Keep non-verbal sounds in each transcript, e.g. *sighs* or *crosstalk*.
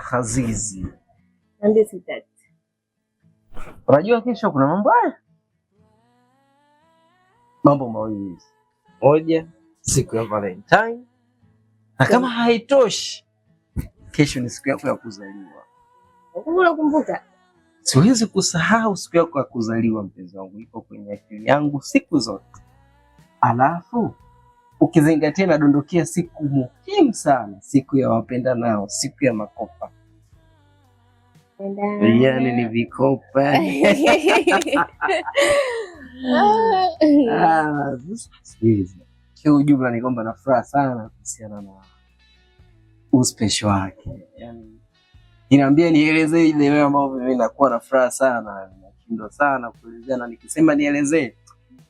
Khazizi. Unajua kesho kuna mambo haya, mambo mawili, moja siku ya Valentine na kama haitoshi, kesho ni siku yako ya kuzaliwa. Unakumbuka? Siwezi kusahau siku yako ya kuzaliwa, mpenzi wangu, iko kwenye akili yangu siku zote. Alafu ukizingatia nadondokea siku muhimu sana, siku ya wapenda nao, siku ya makopa, yani ni vikopa. *laughs* Kiujumla ni kwamba na furaha sana kuhusiana na uspesho wake, yaani, inaambia nielezee ile wewe ambao mimi nakuwa na furaha sana, nashindwa sana kuelezea na nikisema nielezee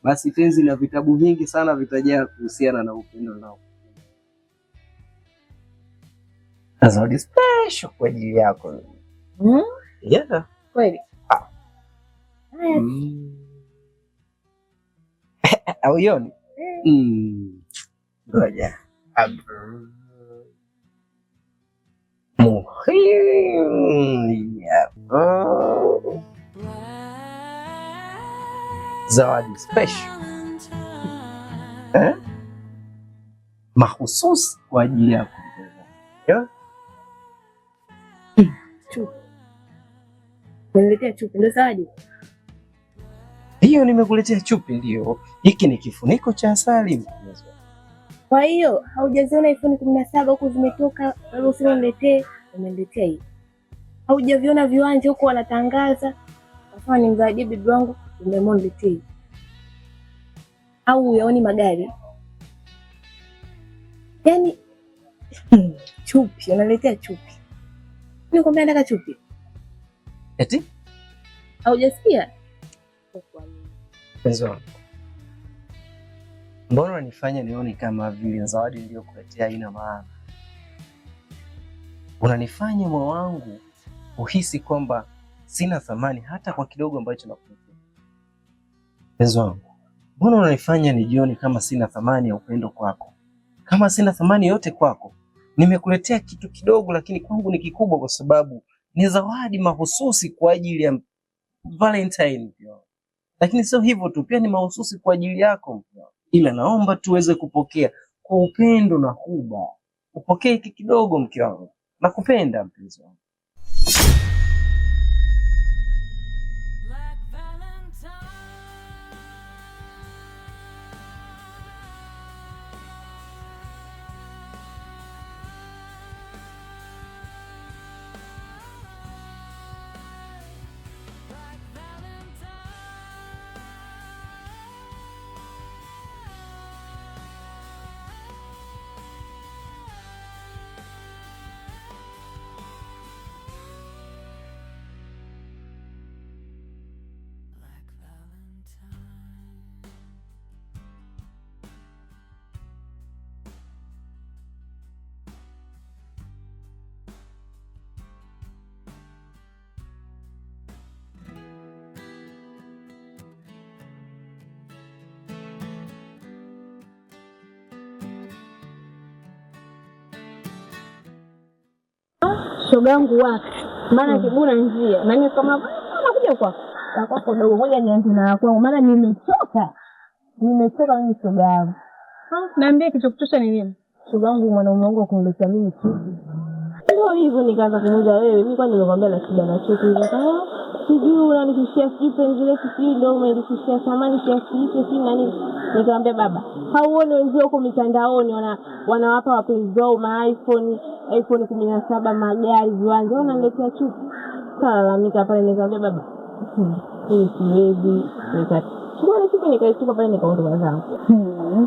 basi tenzi na vitabu vingi sana vitajaa kuhusiana na upendo nao zawadi special kwa ajili yako. Mm? Yeah. Kweli. Ah. Mm. Au *laughs* Auioni? Mm. Ngoja. Muhimu. Yeah zawadi special eh, mahususi kwa ajili yako eh, Nimekuletea chupi ndio zawadi hiyo, nimekuletea chupi ndio. Hiki ni kifuniko cha asali. Kwa hiyo haujaziona iPhone kumi na saba huku zimetoka, usema niletee, hii. Haujaviona viwanja huko wanatangaza, ni nimzaidie bibi wangu Umemonde tea au uyaoni magari yani? *laughs* Chupi unaletea chupi, nikwambia nataka chupi eti haujasikia? Mpenzi wangu, mbona unanifanya nione kama vile zawadi niliyokuletea haina maana? Unanifanya moyo wangu uhisi kwamba sina thamani hata kwa kidogo ambacho nakupa mpenzi wangu, mbona unanifanya nijione kama sina thamani ya upendo kwako, kama sina thamani yote kwako? Nimekuletea kitu kidogo, lakini kwangu ni kikubwa, kwa sababu ni zawadi mahususi kwa ajili ya Valentine pia. Lakini sio hivyo tu, pia ni mahususi kwa ajili yako pia. Ila naomba tuweze kupokea kwa upendo na huba. Upokee hiki kidogo, mke wangu, nakupenda mpenzi wangu. shoga yangu wapi? Maana hmm. kibuna njia nani kama nakuja ah, kwako kwako dogo, ngoja niende na kwangu, maana nimechoka, nimechoka mimi shoga yangu. Niambie kichokutosha ni nini shoga yangu, mwanaume wangu akuniletea mimi kitu ndio hivyo, nikaanza kumuuliza wewe, mimi kwani nimekwambia na shida na chuki? Nikasema sijui unanikishia sijui penzilefu sijui ndio umenikishia thamani kiasi hicho sijui na nini. Nikamwambia baba, hauoni wenzio huko mitandaoni wana wanawapa wapenzi wao ma iphone kumi na saba magari, viwanja, unaniletea chuki. Kalalamika pale, nikamwambia baba, hmm, mimi siwezi. Nikachukua siku nikaituka pale, nikaondoka zangu. Huyu hmm.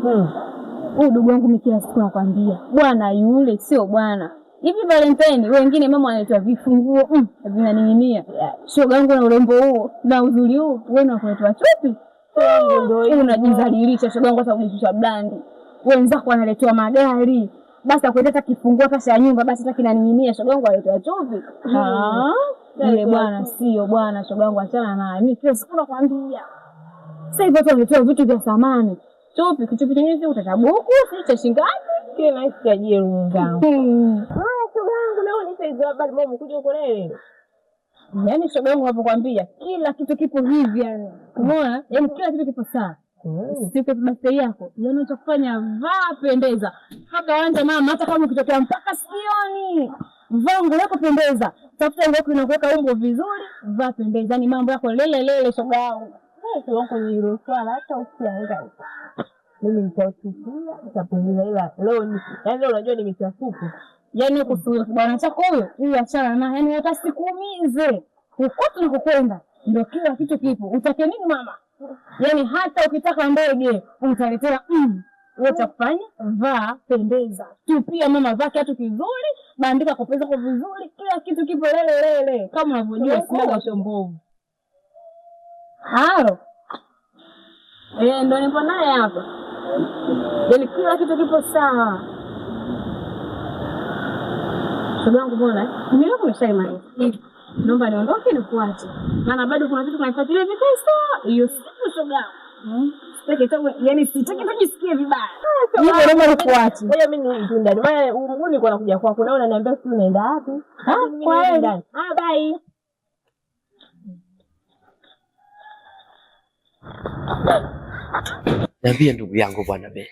hmm. ndugu wangu Mikiasi, nakwambia bwana yule sio bwana hivi Valentine wengine mama wanaitwa vifunguo mm, vinaning'inia shoga yangu, na urembo huo na uzuri huo, wewe unakuletea chupi unajizalilisha shoga yangu, hata kujishusha blandi. Wenzako wanaletewa magari, basi akuleta hata kifunguo kasha ya nyumba, basi hata kinaning'inia shoga yangu, anaitwa chupi ile bwana. Sio bwana, shoga yangu, achana naye. Mimi kila siku nakwambia sasa, hivyo tu anatoa vitu vya thamani. Chupi kichupi chenyewe utatabuku si cha shingapi kile naisi ajie mwenzangu. Hmm. Haya, shoga yangu, leo ni saizi habari bomu kuja huko leo. Yaani shoga yangu anapokuambia kila kitu kipo hivi yani. Umeona? Yaani kila kitu kipo sawa. Hmm. Siku birthday yako, yaani utakufanya vaa pendeza. Hata anza mama, hata kama ukitokea mpaka sioni. Vaa nguo yako pendeza. Tafuta nguo inakuweka umbo vizuri, vaa pendeza. Yaani mambo yako lele lele shoga yangu. Wewe wako ni hilo swala hata usiangalie mimi nitauchukia, nitapunguza ila leo, yaani leo unajua nimechafuka. michafuko. Yaani huku bwana chako huyo, ili achana na, yaani hata sikuumize huko tunakokwenda, ndio kila kitu kipo. Utake nini mama? Yaani hata ukitaka ndege utaletea mm. Wewe utafanya vaa, pendeza tu pia mama, vaa kiatu kizuri, bandika kope kwa vizuri, kila kitu kipo lele lele, kama unavyojua sio mbovu. halo Eh, ndo nipo naye hapa, yaani kila kitu kipo sawa. Shoga yangu, mbona milango ishaimaliza? Naomba niondoke nikuache, maana bado kuna vitu kunafuatilia kanifuatilia vikasa. Hiyo siku shoga yangu yani hmm? sitaki tujisikie yaani vibaya. Ah, mimi nikuache, kuja kwako na unaniambia sio unaenda wapi? Ah, Kwa hiyo ah, bye. Niambie ndugu yangu bwana Ben.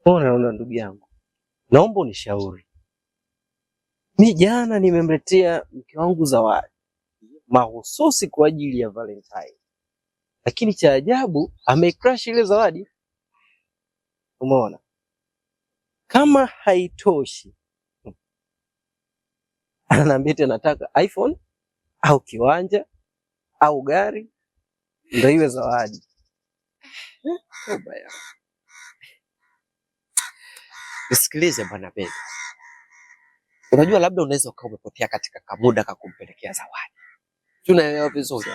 Mbona naona ndugu yangu, naomba unishauri. Mi jana nimemletea mke wangu zawadi mahususi kwa ajili ya Valentine, lakini cha ajabu amecrash ile zawadi. Umeona kama haitoshi, ananiambia tena nataka iPhone au kiwanja au gari ndio iwe zawadi. Nisikilize bwana Beni, unajua labda unaweza ukawa umepotea katika kamuda ka kumpelekea zawadi, tunaelewa vizuri.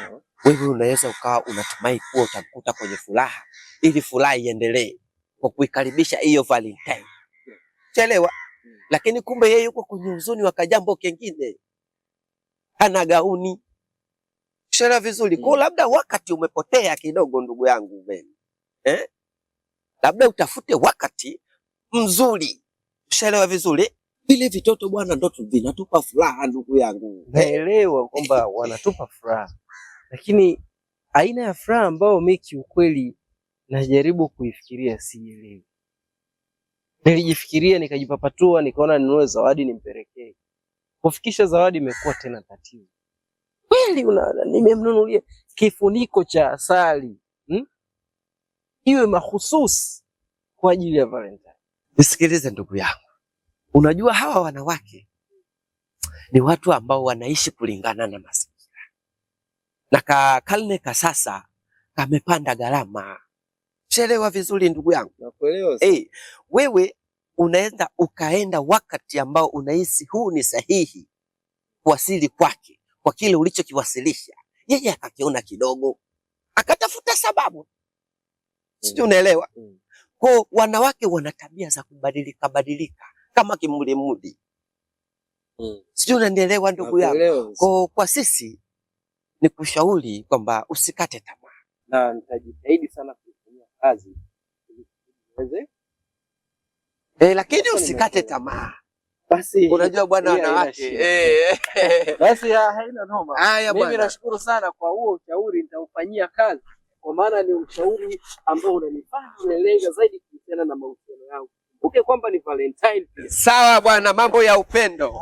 Wewe unaweza ukawa unatumai kuwa utamkuta kwenye furaha, ili furaha iendelee kwa kuikaribisha hiyo Valentine, chelewa lakini kumbe yeye yuko kwenye huzuni wa kajambo kengine, ana gauni kukuelewa vizuri Kwa mm. labda wakati umepotea kidogo, ndugu yangu mimi eh? Labda utafute wakati mzuri, ushaelewa vizuri vile vitoto bwana, ndo vinatupa furaha ndugu yangu. Naelewa kwamba wanatupa furaha, lakini aina ya furaha ambayo mimi kiukweli najaribu kuifikiria sielewi. Nilijifikiria nikajipapatua, nikaona ninunue zawadi nimpelekee. Kufikisha zawadi imekuwa tena tatizo kweli nimemnunulia kifuniko cha asali hmm? iwe mahususi kwa ajili ya Valentine. Nisikilize ndugu yangu, unajua hawa wanawake ni watu ambao wanaishi kulingana na mazingira, na ka karne ka sasa kamepanda gharama. Chelewa vizuri ndugu yangu, nakuelewa. Hey, eh, wewe unaenda ukaenda wakati ambao unahisi huu ni sahihi kuwasili kwake kwa kile ulichokiwasilisha, yeye akakiona kidogo, akatafuta sababu, sijui mm. unaelewa. Mm. Kwa wanawake wana tabia za kubadilika badilika kama kimulimuli, mm. sijui unanielewa ndugu yangu. Kwa kwa sisi ni kushauri kwamba usikate tamaa, na nitajitahidi sana kufanya kazi, eh, lakini usikate tamaa. Basi unajua bwana, wanawake eh, *laughs* basi haina noma. Haya bwana, mimi nashukuru sana kwa huo ushauri, nitaufanyia kazi kwa maana ni ushauri ambao unanifanya unalenga zaidi kuhusiana na mahusiano yangu uke kwamba ni Valentine. Sawa bwana, mambo ya upendo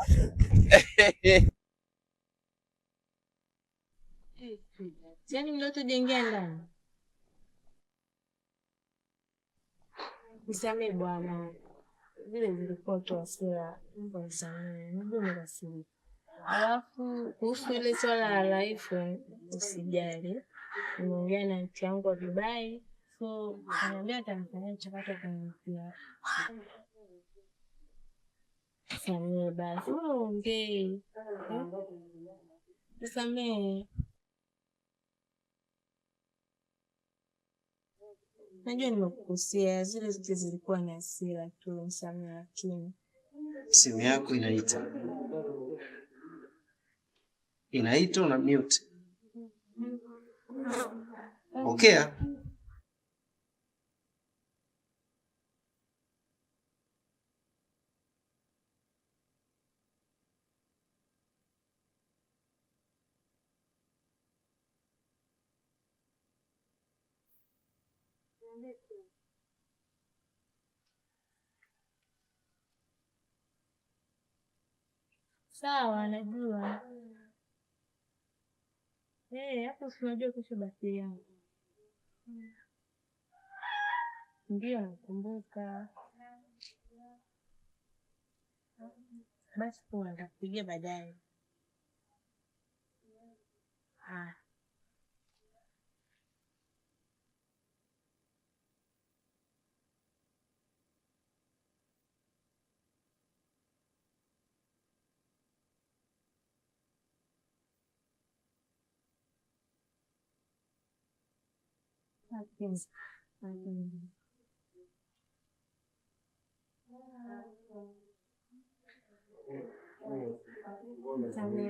*laughs* yaani ndani vile vilikuwa tuwasea azaanasirika. Alafu kuhusu ile swala la laifu, usijali, nimeongea na mti yangu Dubai, so anaambia atanifanyia mchakato kanaia samee, basi ongei samee Najua nimekukosea, zile zote zilikuwa ni hasira tu, msamaha. Lakini simu yako inaita inaita, una mute. Pokea. Okay. sawa, najua mm. eh, hapo, si unajua kesho basi yangu, mm. ndio nakumbuka. Basi poa, nitakupigia baadaye. Haya. yes. Um, Tell me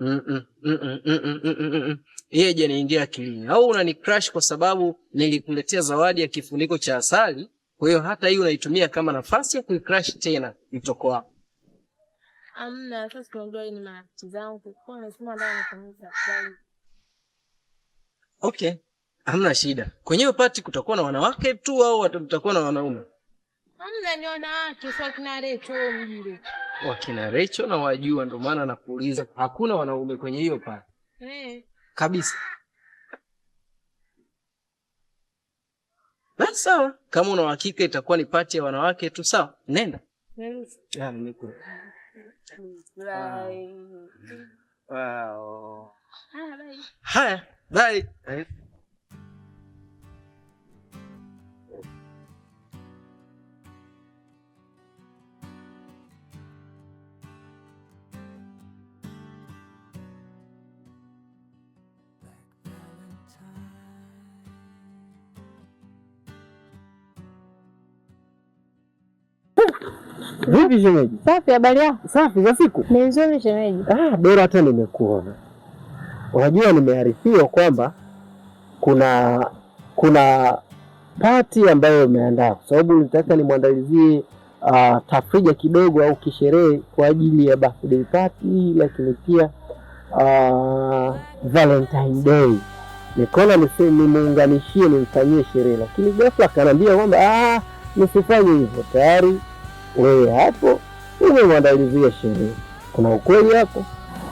Yeje -mm, mm, mm, mm akilini, au unani crash kwa sababu nilikuletea zawadi ya kifuniko cha asali. Kwa hiyo hata hii unaitumia kama nafasi ya kuicrash tena mtoko wako. Amna, sasa tunaondoa ni marafiki zangu. Kwa nasema ndio nifanyia asali. Okay. Hamna shida. Kwenye upati kutakuwa na wanawake tu au mtakuwa na wanaume? Hamna, ni wanawake sio kinare tu mjini wakina Recho na wajua, ndio maana nakuuliza, hakuna wanaume kwenye hiyo pale eh. kabisa. Basi sawa, kama una uhakika itakuwa ni pati ya wanawake tu, sawa, nenda. Ah. Ah, Haya, bye. Eh. Vipi shemeji? Safi, habari yako? Safi za siku. Ni nzuri shemeji. Ah, bora hata nimekuona. Unajua nimearifiwa kwamba kuna kuna pati ambayo umeandaa kwa sababu nitaka nimwandalizie uh, tafrija kidogo au kisherehe kwa ajili ya birthday party, lakini pia uh, Valentine Day nikaona nimuunganishie nimfanyie sherehe, lakini ghafla akaniambia kwamba ah, nisifanye hivyo tayari wewe hapo umemwandalizia sherehe, kuna ukweli hapo?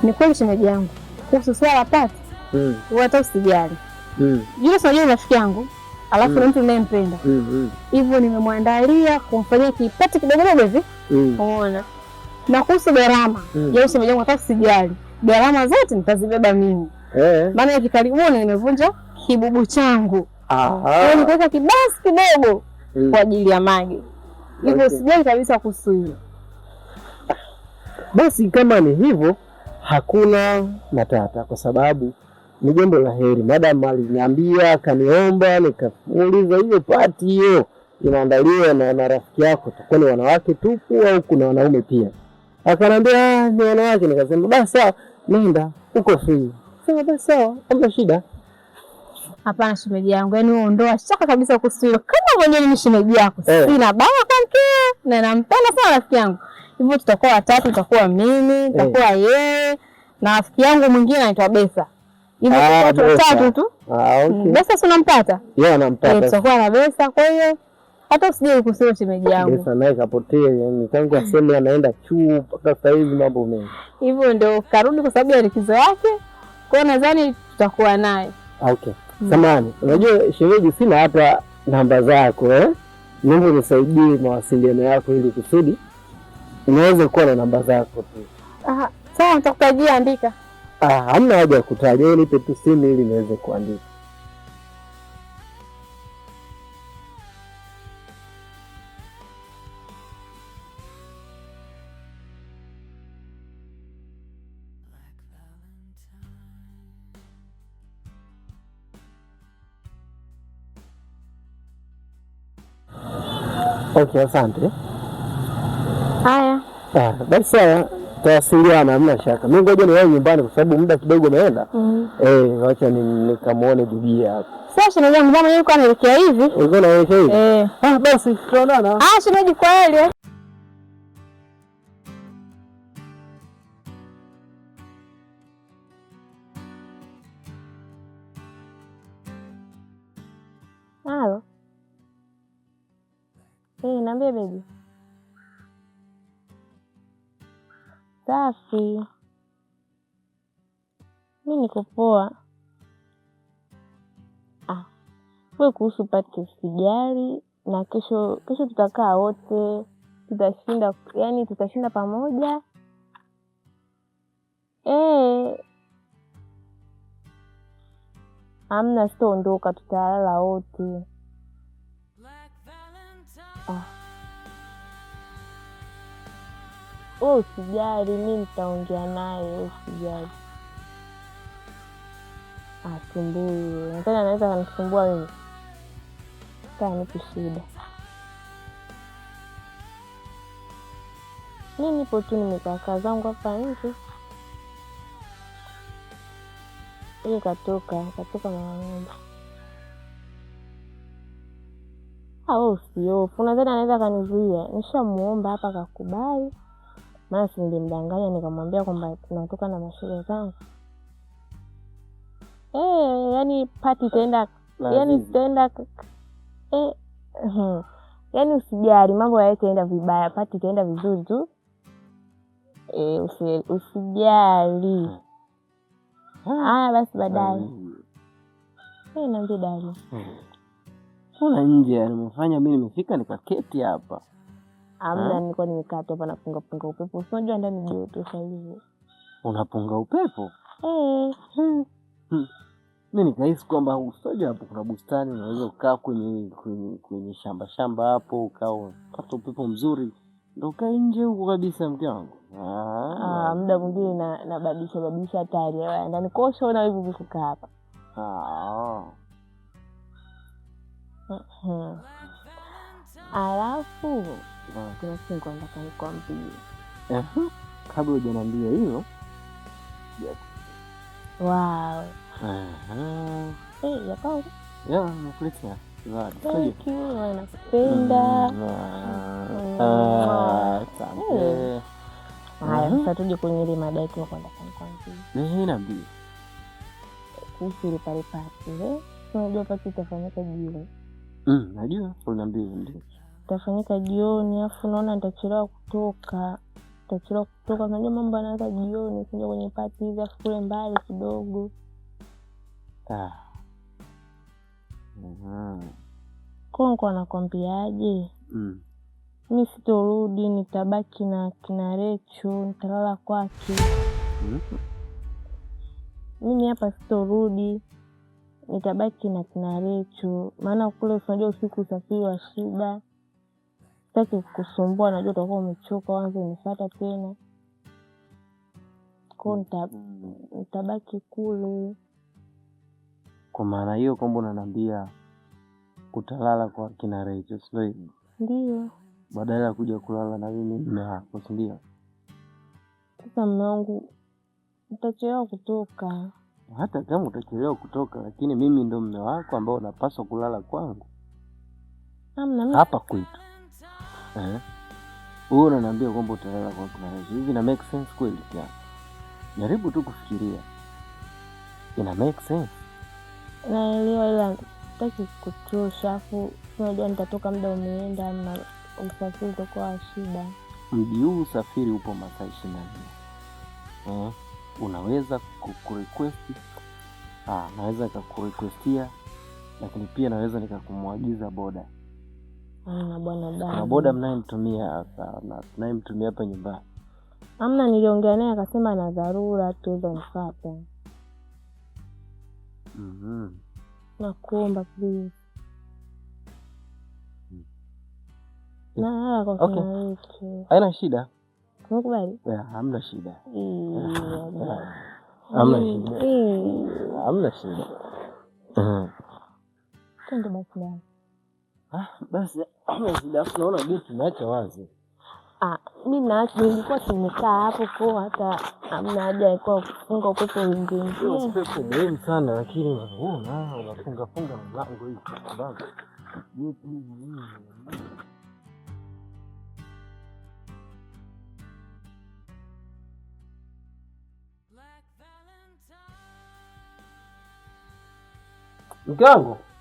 Ni kweli shemeji yangu, kuhusu swala pati mm. hata usijali mm. yule sinajua rafiki yangu alafu ni hmm. mtu ninayempenda hmm, hmm. hivyo, -hmm. nimemwandalia kumfanyia kipati kidogodogo hivi, umeona. Na kuhusu gharama mm. ya shemeji yangu, hata usijali, gharama zote nitazibeba mimi, eh. maana hivi karibuni nimevunja kibubu changu, nikuweka kibasi kidogo kwa ajili ya maji hivyo sijai kabisa kuhusu hilo. Basi kama ni hivyo, hakuna matata, kwa sababu ni jambo la heri. Madam aliniambia akaniomba, nikamuuliza hiyo pati hiyo inaandaliwa na, marafiki yako, takuwa ni wanawake tupu au kuna wanaume pia? akanambia ah, ni wanawake. Nikasema basi sawa, nenda, uko free. Sema basi sawa, hamna shida. Hapana shemeji yangu, yaani uondoa shaka kabisa kusiwa kama mwenyewe ni shemeji yako eh. Sina baya kwa mkeo na nampenda sana rafiki yangu, hivyo tutakuwa watatu, tutakuwa mimi, eh. tutakuwa eh, yeye na rafiki yangu mwingine anaitwa Besa, hivyo ah, tutakuwa watatu tu. Ah, hmm, Besa si unampata? Yeye anampata. Eh, tutakuwa na Besa, kwa hiyo hata usije kusiwa shemeji yangu. Besa naye kapotea, yani tangu aseme anaenda chuo mpaka sasa hivi mambo mengi. Hivyo ndio karudi kwa sababu ya likizo yake, kwa nadhani tutakuwa naye ah, okay. Mm. Samani, unajua shemeji, sina hata namba zako eh? Naomba nisaidie mawasiliano yako ili kusudi unaweza kuwa na namba zako tu. Sawa, nitakutajia andika. Ah, hamna haja ya kutaja, nipe tu simu ili niweze kuandika. Okay, asante. Haya Ah, basi, sawa. tawasiliana, hamna shaka. Mimi ngoja niwahi nyumbani, kwa sababu muda kidogo umeenda. Mm. Eh, wacha nikamwone bibi hapo. Sasa shemeji yangu bwana, yuko anaelekea hivi, yuko anaelekea hivi. Eh, ah, basi tutaonana. Ah, shemeji, kwa heri. Halo. Hey, niambie bebi. Safi, mi niko poa. Ah, we kuhusu pati usijali, na kesho kesho tutakaa wote, tutashinda yani tutashinda pamoja hey. Eh. Amna, sitaondoka, tutalala wote. wewe oh, usijali, mi nitaongea naye, wewe oh, usijali. Asumbui, nadhani anaweza kanisumbua mimi, kaa nipi shida? Mi nipo tu nimekaakaa zangu hapa nje. Hiyo katoka katoka mama ng'ombe. Ah, oh, wewe usiofu, nadhani anaweza kanizuia. nishamuomba hapa akakubali maana si nilimdanganya nikamwambia kwamba tunatoka na mashule zangu eh, yani pati itaenda yani zitaenda eh, eh, yani usijali mambo hayaitaenda vibaya, pati itaenda vizuri tu eh, usijali. Hmm. Haya basi, baadaye hmm. eh, naambia dali hmm. kuna nje, nimefanya mimi, nimefika nikaketi hapa Amna, nilikuwa nimekaa tu hapa napunga punga upepo. Unajua ndani joto sasa hivi. Unapunga upepo? Eh. Mimi hmm. hmm. nikahisi kwamba usitoja hapo kuna bustani unaweza ukaa kwenye kwenye kwenye shamba shamba hapo ukaa unapata upepo mzuri ndio ukae nje huko kabisa mke wangu. Ah. ah, muda mwingine na nabadilisha badilisha hata hali ya ndani. Kwa hiyo hivi vitu kaa hapa. Ah. Mm-hmm. Alafu kuna siku nilikuwa nataka kabla ujanambia hilo wow. nakupenda. Mm, mm. Haya, sasa tuje kwenye ile mada yetu kwenda kwanza. Niambie kuhusu ile pale Unajua itafanyika jioni. Mm, najua, uniambie ndio itafanyika jioni, afu naona nitachelewa kutoka, nitachelewa kutoka. Unajua mambo yanaanza jioni, kuja kwenye pati hizi, afu kule mbali kidogo. Ah. Mm-hmm. Mm. Konko anakwambiaje? Mm. Mi sitorudi, nitabaki na kina Rechu, nitalala kwake. Mm. Mimi hapa sitorudi, nitabaki na kina Rechu, maana kule unajua usiku usafiri wa shida. Sitaki kukusumbua, najua utakuwa umechoka, wanza unifuata tena kwao, nita- nitabaki kule. Kwa maana hiyo kwamba unaniambia utalala kwa kina Recho, si ndio hivyo? Ndio, badala ya kuja kulala na mimi mme wako, si ndio? Sasa mme wangu, utachelewa kutoka. Hata kama utachelewa kutoka, lakini mimi ndo mme wako ambao unapaswa kulala kwangu hapa kwetu eh, wewe unaniambia kwamba utalala kwa Clara, hivi na make sense kweli? Pia jaribu tu kufikiria, ina make sense. Naelewa, ila sitaki kuchosha, afu unajua nitatoka muda umeenda na usafiri utakuwa shida. Mji huu usafiri upo masaa ishirini na nne eh, unaweza Ah, naweza kukurequestia lakini pia naweza nikakumwagiza boda Ah, Kuna boda mnayemtumia tunayemtumia hapa nyumbani? Amna, niliongea naye akasema na dharura tuweza mfata. mm -hmm. Nakuomba please. mm. na kwa okay. Haina shida Mkubali? Yeah, hamna shida. Hamna shida. Hamna shida. basi. Ah, basi hamna shida, naona geti tunaacha wazi. Ah, mi na nilikuwa nimekaa hapo kwa hata hamna haja ya kwa kufunga upepo mwingine. Upepo muhimu sana lakini unaona unafunga funga mlango hii kwa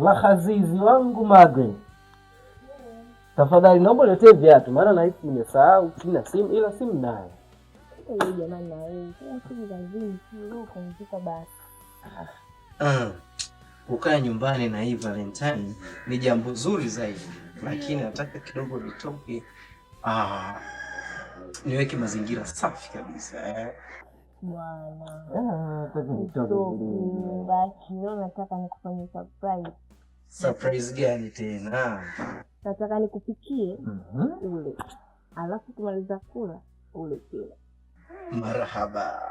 Lahazizi wangu madhe, tafadhali naomba niletee viatu, maana nahisi nimesahau, sina simu, ila simu nayo. Ah, kukaa nyumbani na hii Valentine ni jambo zuri zaidi, lakini nataka kidogo nitoke, ah, niweke mazingira safi kabisa eh. Bwana, eh, nataka nikufanye surprise Surprise gani tena? Nataka nikupikie mhm. Ule alafu kumaliza kula ule kile. Marahaba.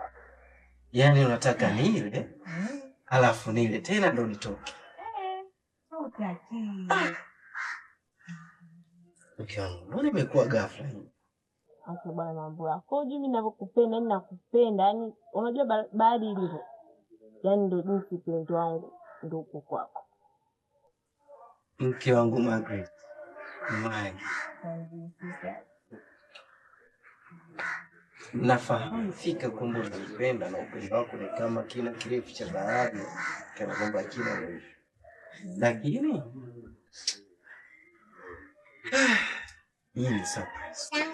Yaani unataka nile alafu nile tena ndo nitoke? Ah. Mbona imekuwa ghafla hii? Acha bwana, mambo yako juu. Mimi ninavyokupenda, yani nakupenda, yani unajua baadhi ilivyo, yani ndo jinsi upendo wangu ndo uko kwako mke wangu Margaret. Nafahamu fika kwamba unanipenda na upendo wako ni kama kina kirefu cha bahari kana kwamba kina mwisho, lakini *sighs* hii ni surprise.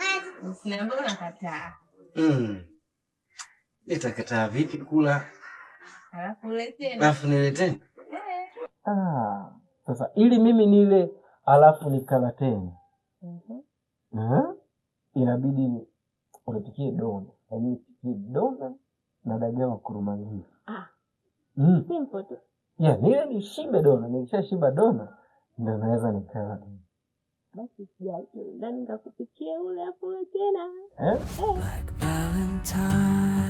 Hmm. Nitakataa vipi kula alafu nileteni? Eh. Ah. Sasa ili mimi nile alafu nikala tena mm -hmm. Uh, inabidi unipikie dona, yani nipikie dona na dagaa wa ah. mm. ya nile nishibe dona. shiba dona ndo naweza nikala basi sijaenda nikakupikia ule hapo tena eh. eh.